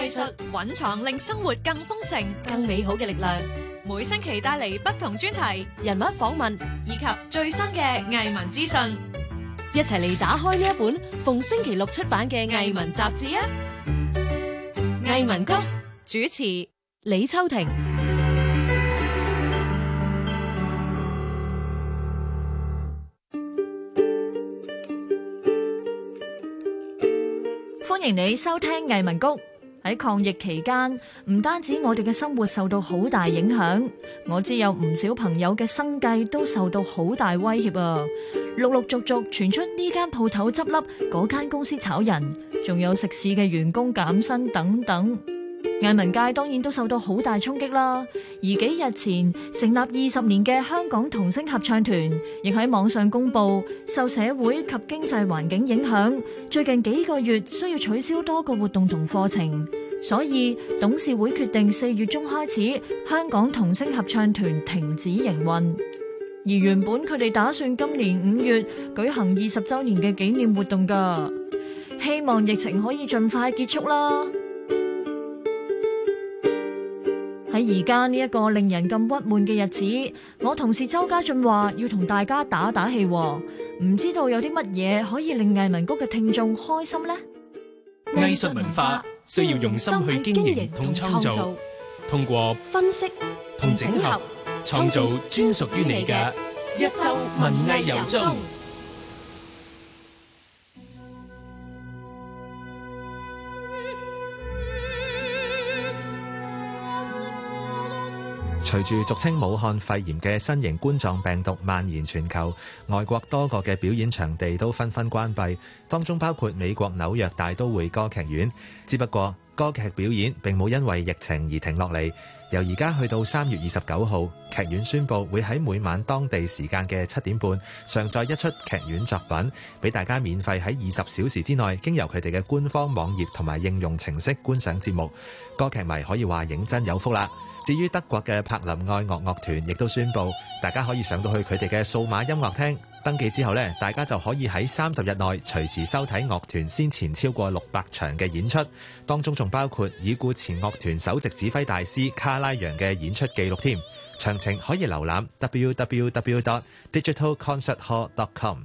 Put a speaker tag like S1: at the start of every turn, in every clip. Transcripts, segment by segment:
S1: 技術蘊藏令生活更豐盛、更美好嘅力量，每星期帶嚟不同專題、人物訪問以及最新嘅藝文資訊，
S2: 一齊嚟打開呢一本逢星期六出版嘅藝文雜誌啊！藝文
S3: 谷主持
S2: 李秋婷，歡迎你收聽藝文谷。喺抗疫期間，唔單止我哋嘅生活受到好大影響，我知有唔少朋友嘅生計都受到好大威脅啊！陸陸續續傳出呢間鋪頭執笠、嗰間公司炒人，仲有食肆嘅員工減薪等等。藝文界當然都受到好大衝擊啦，而幾日前成立二十年嘅香港童聲合唱團，亦喺網上公布受社會及經濟環境影響，最近幾個月需要取消多個活動同課程，所以董事會決定四月中開始香港童聲合唱團停止營運。而原本佢哋打算今年五月舉行二十周年嘅紀念活動㗎，希望疫情可以盡快結束啦。喺而家呢一個令人咁鬱悶嘅日子，我同事周家俊話要同大家打打氣，唔知道有啲乜嘢可以令藝文谷嘅聽眾開心呢？
S4: 藝術文化需要用心去經營同創造，創造通過分
S2: 析同整合，創造
S4: 專屬於你嘅一周文藝遊蹤。隨住俗稱武漢肺炎嘅新型冠狀病毒蔓延全球，外國多個嘅表演場地都紛紛關閉，當中包括美國紐約大都會歌劇院。只不過，歌劇表演並冇因為疫情而停落嚟，由而家去到三月二十九號，劇院宣布會喺每晚當地時間嘅七點半上載一出劇院作品，俾大家免費喺二十小時之內經由佢哋嘅官方網頁同埋應用程式觀賞節目。歌劇迷可以話認真有福啦。至於德國嘅柏林愛樂樂團，亦都宣布大家可以上到去佢哋嘅數碼音樂廳。登記之後咧，大家就可以喺三十日內隨時收睇樂團先前超過六百場嘅演出，當中仲包括已故前樂團首席指揮大師卡拉揚嘅演出記錄添。詳情可以瀏覽 www.digitalconcerthall.com。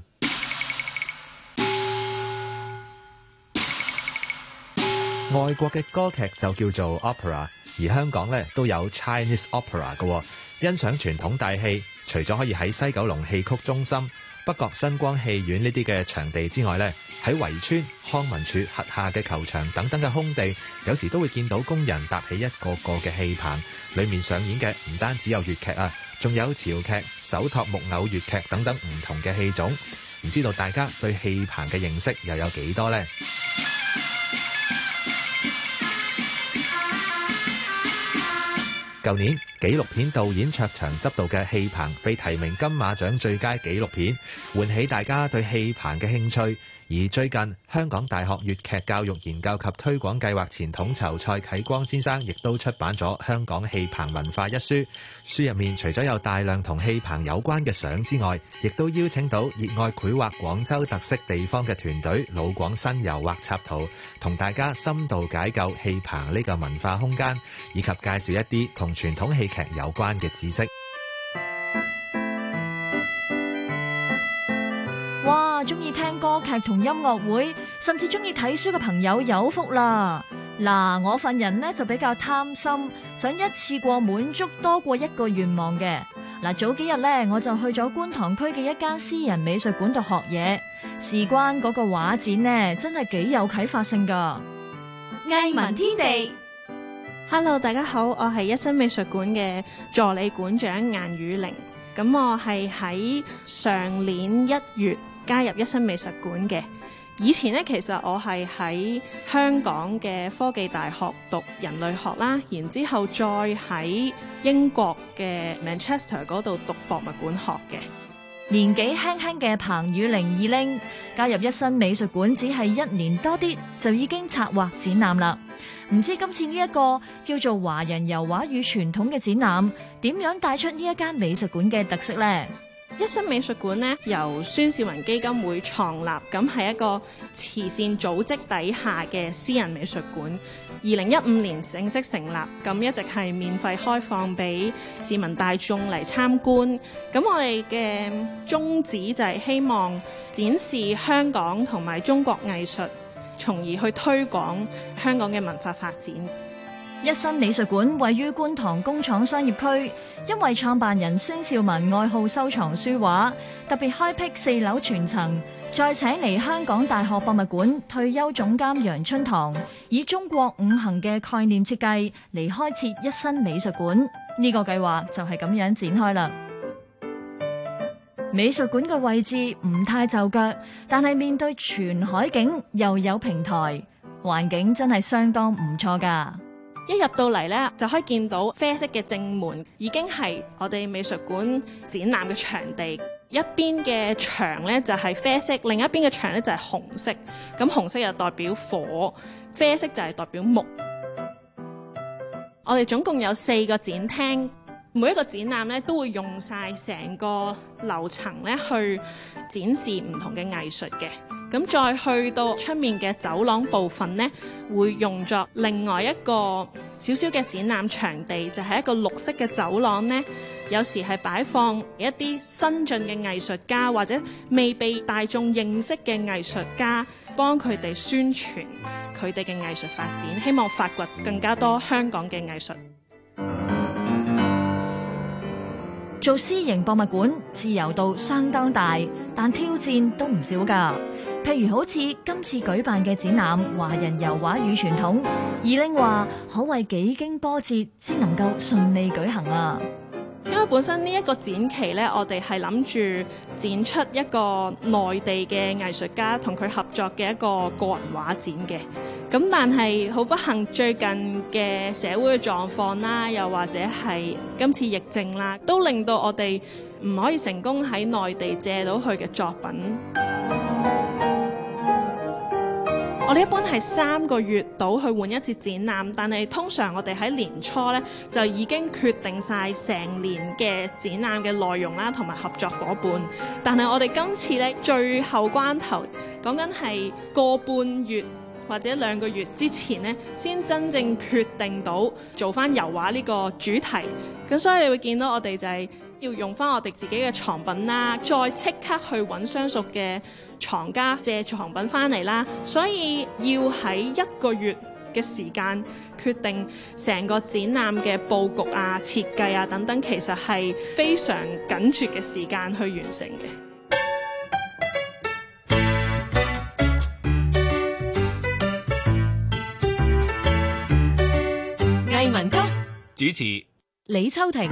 S4: 外國嘅歌劇就叫做 Opera，而香港咧都有 Chinese Opera 嘅喎，欣賞傳統大戲。除咗可以喺西九龍戲曲中心、北角新光戲院呢啲嘅場地之外咧，喺圍村康文署轄下嘅球場等等嘅空地，有時都會見到工人搭起一個個嘅戲棚，裏面上演嘅唔單止有粵劇啊，仲有潮劇、手托木偶粵劇等等唔同嘅戲種。唔知道大家對戲棚嘅認識又有幾多咧？舊年紀錄片導演卓翔執導嘅《戲棚》被提名金馬獎最佳紀錄片，喚起大家對戲棚嘅興趣。而最近，香港大學粵劇教育研究及推廣計劃前統籌蔡啟光先生亦都出版咗《香港戲棚文化》一書。書入面除咗有大量同戲棚有關嘅相之外，亦都邀請到熱愛繪畫廣州特色地方嘅團隊老廣新遊畫插圖同大家深度解構，戲棚呢個文化空間，以及介紹一啲同傳統戲劇有關嘅知識。
S2: 同音樂會，甚至中意睇書嘅朋友有福啦！嗱、啊，我份人呢就比較貪心，想一次過滿足多過一個願望嘅。嗱、啊，早幾日呢，我就去咗觀塘區嘅一間私人美術館度學嘢，事關嗰個
S3: 畫展呢，真係幾有啟發性噶。藝文天地，Hello，大家好，我係一新美術館嘅助理館長顏汝翎，咁我係喺上年一月加入一新美術館嘅，以前咧其實我係喺香港嘅科技大學讀人類學啦，然之後再喺英國嘅 Manchester 嗰度讀博物館學嘅。
S2: 年紀輕輕嘅顏汝翎二玲加入一新美術館，只係一年多啲就已經策劃展覽啦。唔知今次呢、這、一個叫做華人油畫與傳統嘅展覽，點樣帶出呢一間美術館嘅
S3: 特色呢？一新美術館咧，由孫少文基金會創立，咁係一個慈善組織底下嘅私人美術館。二零一五年正式成立，咁一直係免費開放俾市民大眾嚟參觀。咁我哋嘅宗旨就係希望展示香港同埋中國藝術，從而去推廣香港嘅文化發展。
S2: 一新美術館位於觀塘工廠商業區，因為創辦人孫少文愛好收藏書畫，特別開辟四樓全層，再請嚟香港大學博物館退休總監楊春堂，以中國五行嘅概念設計嚟開設一新美術館。呢、這個計劃就係咁樣展開啦。美術館嘅位置唔太就腳，但係面對全海景又有平台，環境真係相當唔錯噶。
S3: 一入到嚟咧，就可以見到啡色嘅正門，已經係我哋美術館展覽嘅場地。一邊嘅牆咧就係、是、啡色，另一邊嘅牆咧就係、是、紅色。咁、嗯、紅色又代表火，啡色就係代表木。 我哋總共有四個展廳。每一個展覽咧都會用晒成個樓層咧去展示唔同嘅藝術嘅，咁再去到出面嘅走廊部分咧，會用作另外一個少少嘅展覽場地，就係一個綠色嘅走廊咧，有時係擺放一啲新晉嘅藝術家或者未被大眾認識嘅藝術家，幫佢哋宣傳佢哋嘅藝術發展，希望發掘更加多香港嘅藝術。
S2: 做私營博物館，自由度相當大，但挑戰都唔少噶。譬如好似今次舉辦嘅展覽《華人油畫與傳統》，汝翎話，可謂幾經波折先能夠順利舉行啊！
S3: 因為本身呢一個展期呢，我哋係諗住展出一個內地嘅藝術家同佢合作嘅一個個人畫展嘅。咁但係好不幸，最近嘅社會嘅狀況啦，又或者係今次疫症啦，都令到我哋唔可以成功喺內地借到佢嘅作品。我哋一般係三個月到去換一次展覽，但係通常我哋喺年初咧就已經決定晒成年嘅展覽嘅內容啦，同埋合作伙伴。但係我哋今次咧最後關頭，講緊係個半月或者兩個月之前咧，先真正決定到做翻油畫呢個主題。咁所以你會見到我哋就係、是。要用翻我哋自己嘅藏品啦，再即刻去揾相熟嘅藏家借藏品翻嚟啦，所以要喺一個月嘅時間決定成個展覽嘅布局啊、設計啊等等，其實係非常緊絀嘅時間去完成嘅。
S2: 藝文谷主持，李秋婷。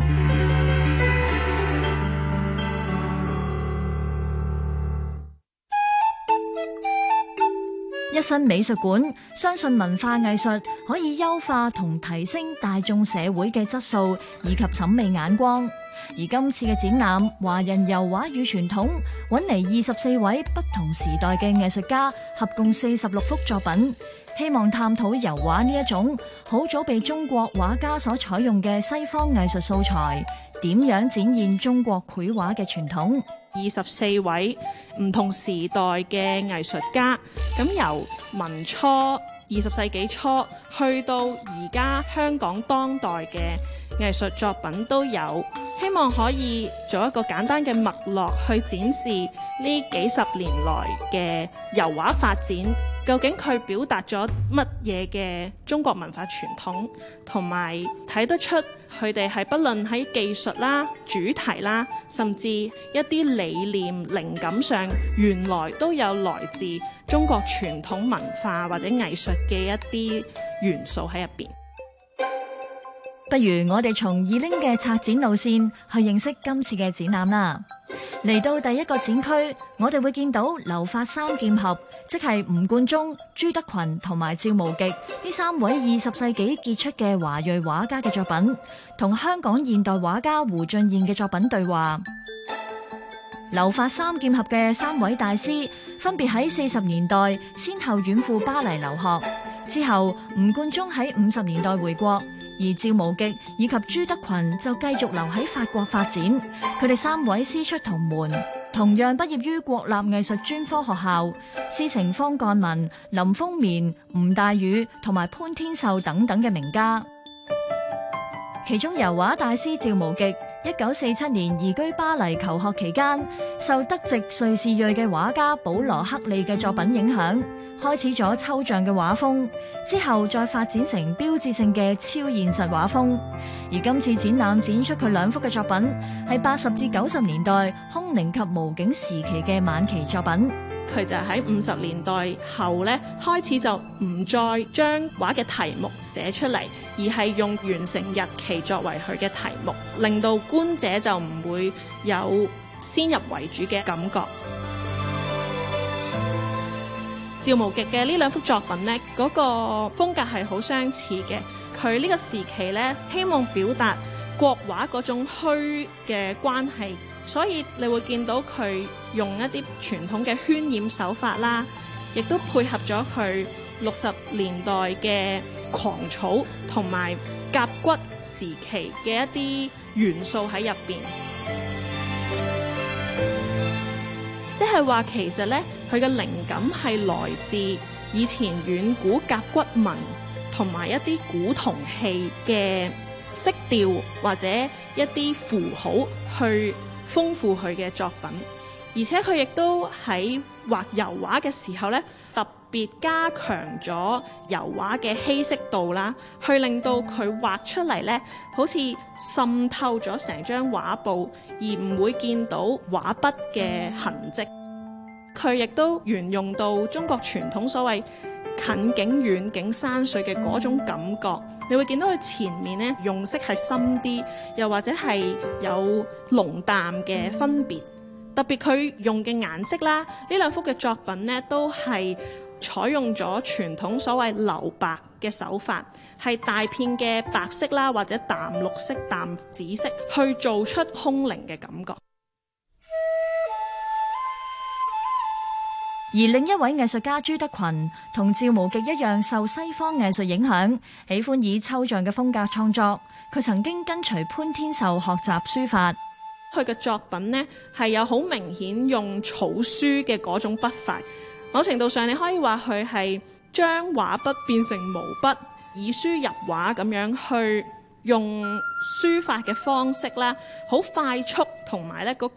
S2: 一新美術館相信文化藝術可以優化同提升大眾社會嘅質素以及審美眼光。而今次嘅展覽《華人油畫與傳統》揾嚟二十四位不同時代嘅藝術家，合共四十六幅作品，希望探討油畫呢一種好早被中國畫家所採用嘅西方藝術素材，點樣展現中國
S3: 繪畫嘅傳統。二十四位唔同時代嘅藝術家，咁由民初二十世紀初去到而家香港當代嘅藝術作品都有，希望可以做一個簡單嘅脈絡去展示呢幾十年來嘅油畫發展，究竟佢表達咗乜嘢嘅中國文化傳統，同埋睇得出。佢哋係不論喺技術啦、主題啦，甚至一啲理念、靈感上，原來都有來自中國傳統文化或者藝術嘅一啲元素喺入邊。
S2: 不如我哋從汝翎嘅策展路線去認識今次嘅展覽啦。嚟到第一個展區，我哋會見到《留法三劍俠》，即係吳冠中、朱德群同埋趙無極呢三位二十世紀傑出嘅華裔畫家嘅作品，同香港現代畫家胡浚諺嘅作品對話。《留法三劍俠》嘅三位大師分別喺四十年代先後遠赴巴黎留學，之後吳冠中喺五十年代回國。而趙無極以及朱德群就繼續留喺法國發展，佢哋三位師出同門，同樣畢業於國立藝術專科學校，師承方幹民、林風眠、吳大羽同埋潘天壽等等嘅名家。其中油畫大師趙無極。一九四七年移居巴黎求學期間，受德籍瑞士裔嘅畫家保羅克利嘅作品影響，開始咗抽象嘅畫風，之後再發展成標誌性嘅超現實畫風。而今次展覽展出佢兩幅嘅作品，係八十至九
S3: 十年代空靈及無境時期嘅晚期作品。佢就喺五十年代後咧，開始就唔再將畫嘅題目寫出嚟，而係用完成日期作為佢嘅題目，令到觀者就唔會有先入為主嘅感覺。趙 無極嘅呢兩幅作品呢，嗰個風格係好相似嘅。佢呢個時期呢，希望表達國畫嗰種虛嘅關係，所以你會見到佢。用一啲傳統嘅渲染手法啦，亦都配合咗佢六十年代嘅狂草同埋甲骨時期嘅一啲元素喺入邊，即係話其實呢，佢嘅靈感係來自以前遠古甲骨文同埋一啲古銅器嘅色調或者一啲符號，去豐富佢嘅作品。而且佢亦都喺畫油畫嘅時候咧，特別加強咗油畫嘅稀釋度啦，去令到佢畫出嚟咧，好似滲透咗成張畫布，而唔會見到畫筆嘅痕跡，佢亦都沿用到中國傳統所謂近景、遠景山水嘅嗰種感覺，你會見到佢前面咧用色係深啲，又或者係有濃淡嘅分別。特別佢用嘅顏色啦，呢兩幅嘅作品呢，都係採用咗傳統所謂留白嘅手法，係大片嘅白色啦或者淡綠色、淡紫色去做出空靈嘅感覺。而另一位藝術
S2: 家朱德群，同趙無極一樣受西方藝術影響，喜歡以抽象嘅風格創作。佢曾經跟隨潘天壽學習書法。
S3: 佢嘅作品咧係有好明顯用草書嘅嗰種筆法，某程度上你可以話佢係將畫筆變成毛筆以書入畫咁樣去用書法嘅方式啦，好快速同埋咧個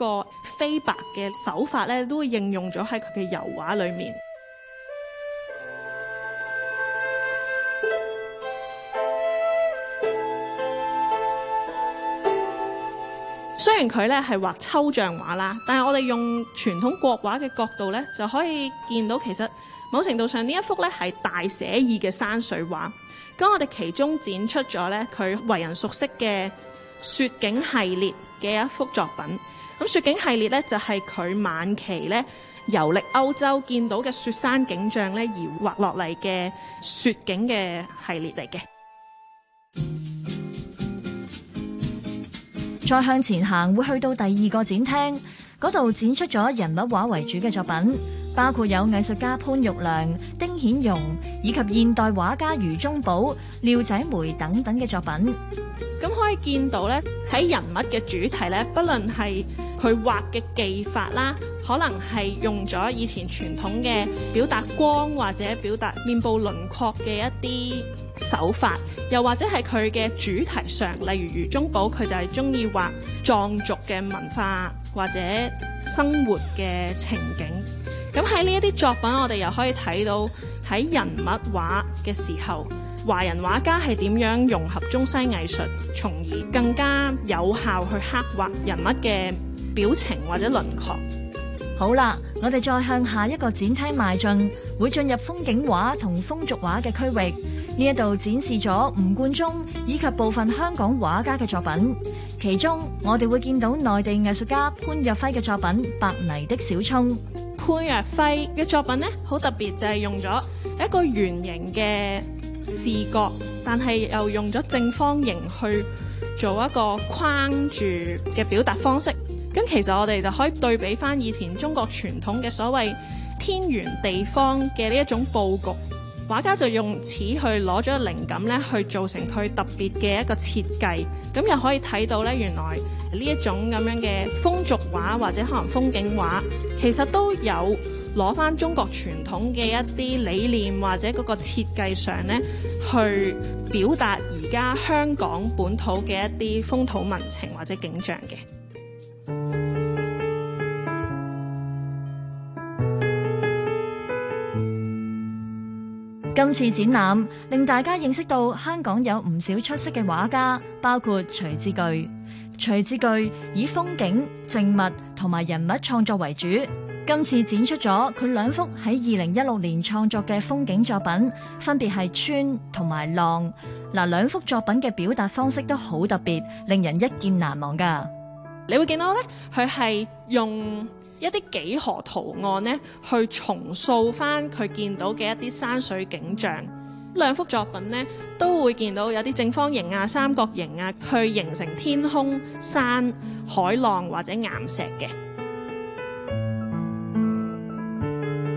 S3: 飛白嘅手法咧，都會應用咗喺佢嘅油畫裏面。雖然佢咧係畫抽象畫啦，但係我哋用傳統國畫嘅角度咧，就可以見到其實某程度上呢一幅咧係大寫意嘅山水畫。咁我哋其中展出咗咧佢為人熟悉嘅雪景系列嘅一幅作品。咁雪景系列咧就係佢晚期咧遊歷歐洲見到嘅雪山景象咧而畫落嚟嘅雪景嘅系列嚟嘅。
S2: 再向前行會去到第二個展廳，嗰度展出咗人物畫為主嘅作品，包括有藝術家潘玉良、丁衍庸，以及現代畫家余中寶、廖仔梅等等嘅作品。
S3: 咁可以見到咧，喺人物嘅主題咧，不論係。佢畫嘅技法啦，可能係用咗以前傳統嘅表達光或者表達面部輪廓嘅一啲手法，又或者係佢嘅主題上，例如余忠寶，佢就係中意畫藏族嘅文化或者生活嘅情景。咁喺呢一啲作品，我哋又可以睇到喺人物畫嘅時候，華人畫家係點樣融合中西藝術，從而更加有效去刻畫人物嘅。表情或者輪廓
S2: 好啦，我哋再向下一個展廳邁進，會進入風景畫同風俗畫嘅區域。呢一度展示咗吳冠中以及部分香港畫家嘅作品，其中我哋會見到內地藝術家
S3: 潘若輝嘅作品《白泥的小蔥》。潘若輝嘅作品咧，好特別，就係用咗一個圓形嘅視覺，但係又用咗正方形去做一個框住嘅表達方式。咁其實我哋就可以對比翻以前中國傳統嘅所謂天圓地方嘅呢一種佈局，畫家就用此去攞咗靈感咧，去做成佢特別嘅一個設計。咁又可以睇到咧，原來呢一種咁樣嘅風俗畫或者可能風景畫，其實都有攞翻中國傳統嘅一啲理念或者嗰個設計上咧，去表達而家香港本土嘅一啲風土民情或者景象嘅。
S2: 今次展覽令大家認識到香港有唔少出色嘅畫家，包括徐志钜。徐志钜以風景、靜物同埋人物創作為主。今次展出咗佢兩幅喺二零一六年創作嘅風景作品，分別係川同埋浪。嗱，兩幅作品嘅表達方式都好特別，令人一見難忘噶。
S3: 你會見到咧，佢係用一啲幾何圖案咧，去重塑翻佢見到嘅一啲山水景象。兩幅作品咧，都會見到有啲正方形啊、三角形啊，去形成天空、山、海浪或者岩石嘅。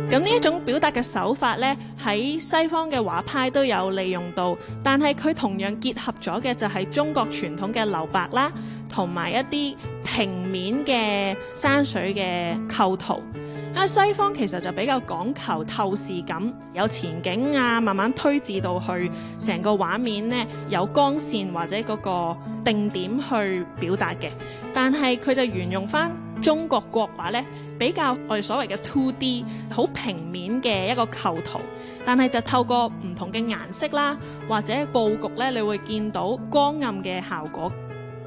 S3: 咁呢一種表達嘅手法咧，喺西方嘅畫派都有利用到，但係佢同樣結合咗嘅就係中國傳統嘅留白啦，同埋一啲平面嘅山水嘅構圖。啊，西方其實就比較講求透視感，有前景啊，慢慢推至到去成個畫面呢，有光線或者嗰個定點去表達嘅。但係佢就沿用返中國國畫呢，比較我哋所謂嘅 two D 好平面嘅一個構圖，但係就透過唔同嘅顏色啦，或者佈局呢，你會見到光暗嘅效果。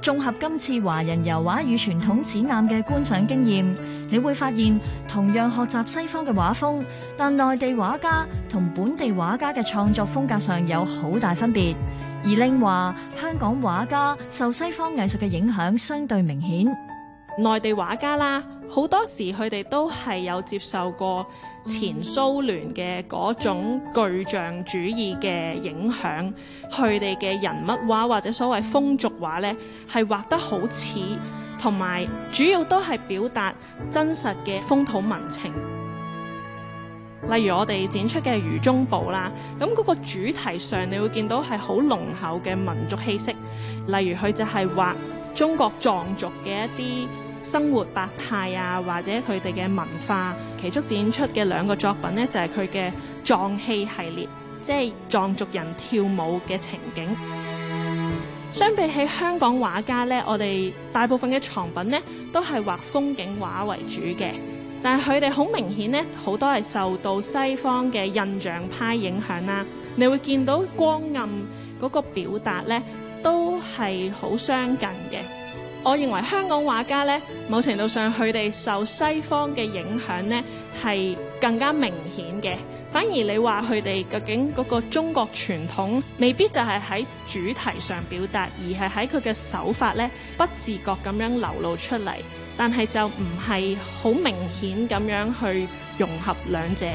S2: 綜合今次華人油畫與傳統展覽嘅觀賞經驗，你會發現同樣學習西方嘅畫風，但內地畫家同本地畫家嘅創作風格上有好大分別，而令華香港畫家受西方藝術嘅影響相
S3: 對明顯。內地畫家啦，好多時佢哋都係有接受過前蘇聯嘅嗰種具象主義嘅影響，佢哋嘅人物畫或者所謂風俗畫呢，係畫得好似，同埋主要都係表達真實嘅風土民情。例如我哋展出嘅《渝中報》啦，咁嗰個主題上，你會見到係好濃厚嘅民族氣息。例如佢就係畫中國藏族嘅一啲。生活百態啊，或者佢哋嘅文化，其中展出嘅兩個作品呢，就係佢嘅藏戲系列，即係藏族人跳舞嘅情景。相比起香港畫家呢，我哋大部分嘅藏品呢，都係畫風景畫為主嘅，但係佢哋好明顯呢，好多係受到西方嘅印象派影響啦。你會見到光暗嗰個表達呢，都係好相近嘅。我認為香港畫家咧，某程度上佢哋受西方嘅影響咧，係更加明顯嘅。反而你話佢哋究竟嗰個中國傳統，未必就係喺主題上表達，而係喺佢嘅手法咧，不自覺咁樣流露出嚟。但係就唔係好明顯咁樣去融合兩者。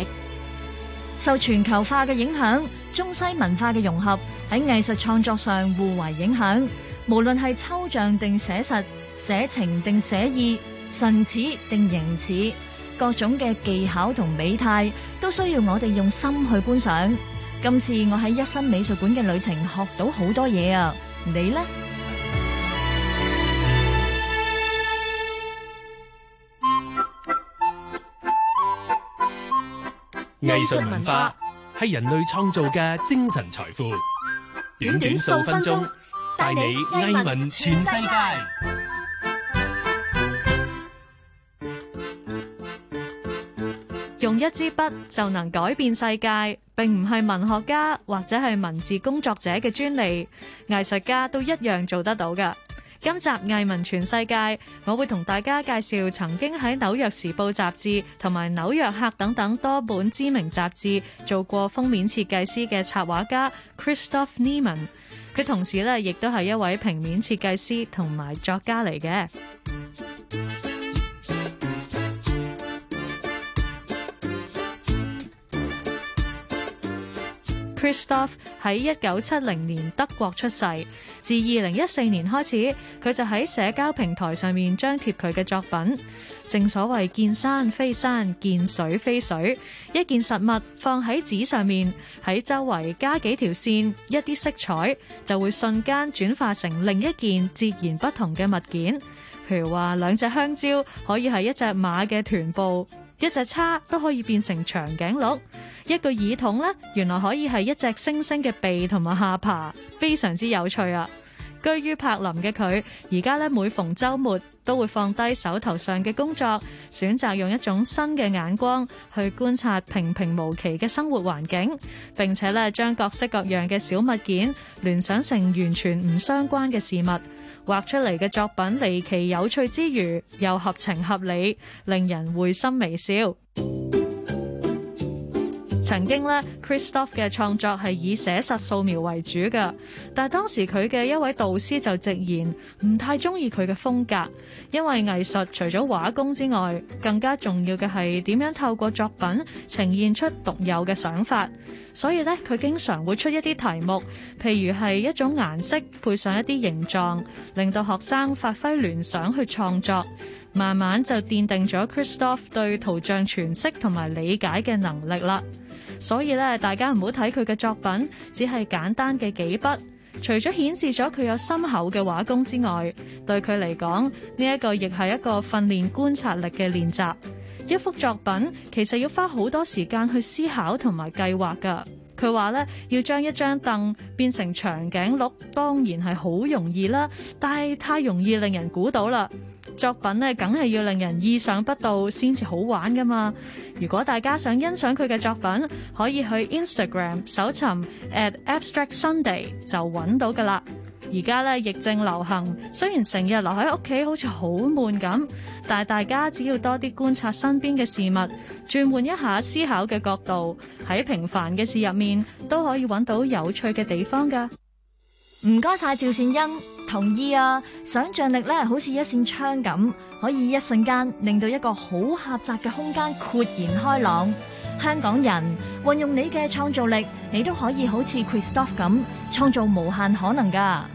S2: 受全球化嘅影響，中西文化嘅融合喺藝術創作上互為影響。無論係抽象定寫實，寫情定寫意，神似定形似，各種嘅技巧同美態，都需要我哋用心去觀賞。今次我喺一新美術館嘅旅程學到好多嘢啊！你呢？
S4: 藝術文化係人類創造嘅精神財富。短短數分鐘，帶你藝文全世界。
S1: 用一支筆就能改變世界，並唔係文學家或者係文字工作者嘅專利，藝術家都一樣做得到噶。今集藝文全世界，我會同大家介紹曾經喺《紐約時報》雜誌同埋《紐約客》等等多本知名雜誌做過封面設計師嘅插畫家 Christoph Niemann。佢同時咧，亦都係一位平面設計師同埋作家嚟嘅。Kristoff 喺一九七零年德國出世，自二零一四年開始，佢就喺社交平台上面張貼佢嘅作品。正所謂見山非山，見水非水，一件實物放喺紙上面，喺周圍加幾條線，一啲色彩，就會瞬間轉化成另一件截然不同嘅物件。譬如話兩隻香蕉可以係一隻馬嘅臀部。一隻叉都可以變成長頸鹿，一個耳筒咧，原來可以係一隻猩猩嘅鼻同埋下巴，非常之有趣啊！居於柏林嘅佢，而家咧每逢周末都會放低手頭上嘅工作，選擇用一種新嘅眼光去觀察平平無奇嘅生活環境，並且咧將各式各樣嘅小物件聯想成完全唔相關嘅事物。畫出嚟嘅作品離奇有趣之餘，又合情合理，令人會心微笑。曾經咧，Christophe 嘅創作係以寫實素描為主嘅。但係當時佢嘅一位導師就直言唔太中意佢嘅風格，因為藝術除咗畫工之外，更加重要嘅係點樣透過作品呈現出獨有嘅想法。所以咧，佢經常會出一啲題目，譬如係一種顏色配上一啲形狀，令到學生發揮聯想去創作。慢慢就奠定咗 Christophe 對圖像詮釋同埋理解嘅能力啦。所以咧，大家唔好睇佢嘅作品，只係簡單嘅幾筆。除咗顯示咗佢有深厚嘅畫功之外，對佢嚟講，呢一個亦係一個訓練觀察力嘅練習。一幅作品其實要花好多時間去思考同埋計劃噶。佢話咧，要將一張凳變成長頸鹿，當然係好容易啦，但係太容易令人估到啦。作品咧，梗係要令人意想不到先至好玩噶嘛！如果大家想欣賞佢嘅作品，可以去 Instagram 搜尋 at Abstract Sunday 就搵到噶啦。而家咧疫症流行，雖然成日留喺屋企，好似好悶咁，但係大家只要多啲觀察身邊嘅事物，轉換一下思考嘅角度，喺平凡嘅事入面都可以搵到有趣嘅地方噶。唔該晒
S2: 趙善恩。同意啊！想象力咧，好似一扇窗咁，可以一瞬間令到一個好狹窄嘅空間豁然開朗。香港人運用你嘅創造力，你都可以好似 Christophe 咁，創造無限可能噶。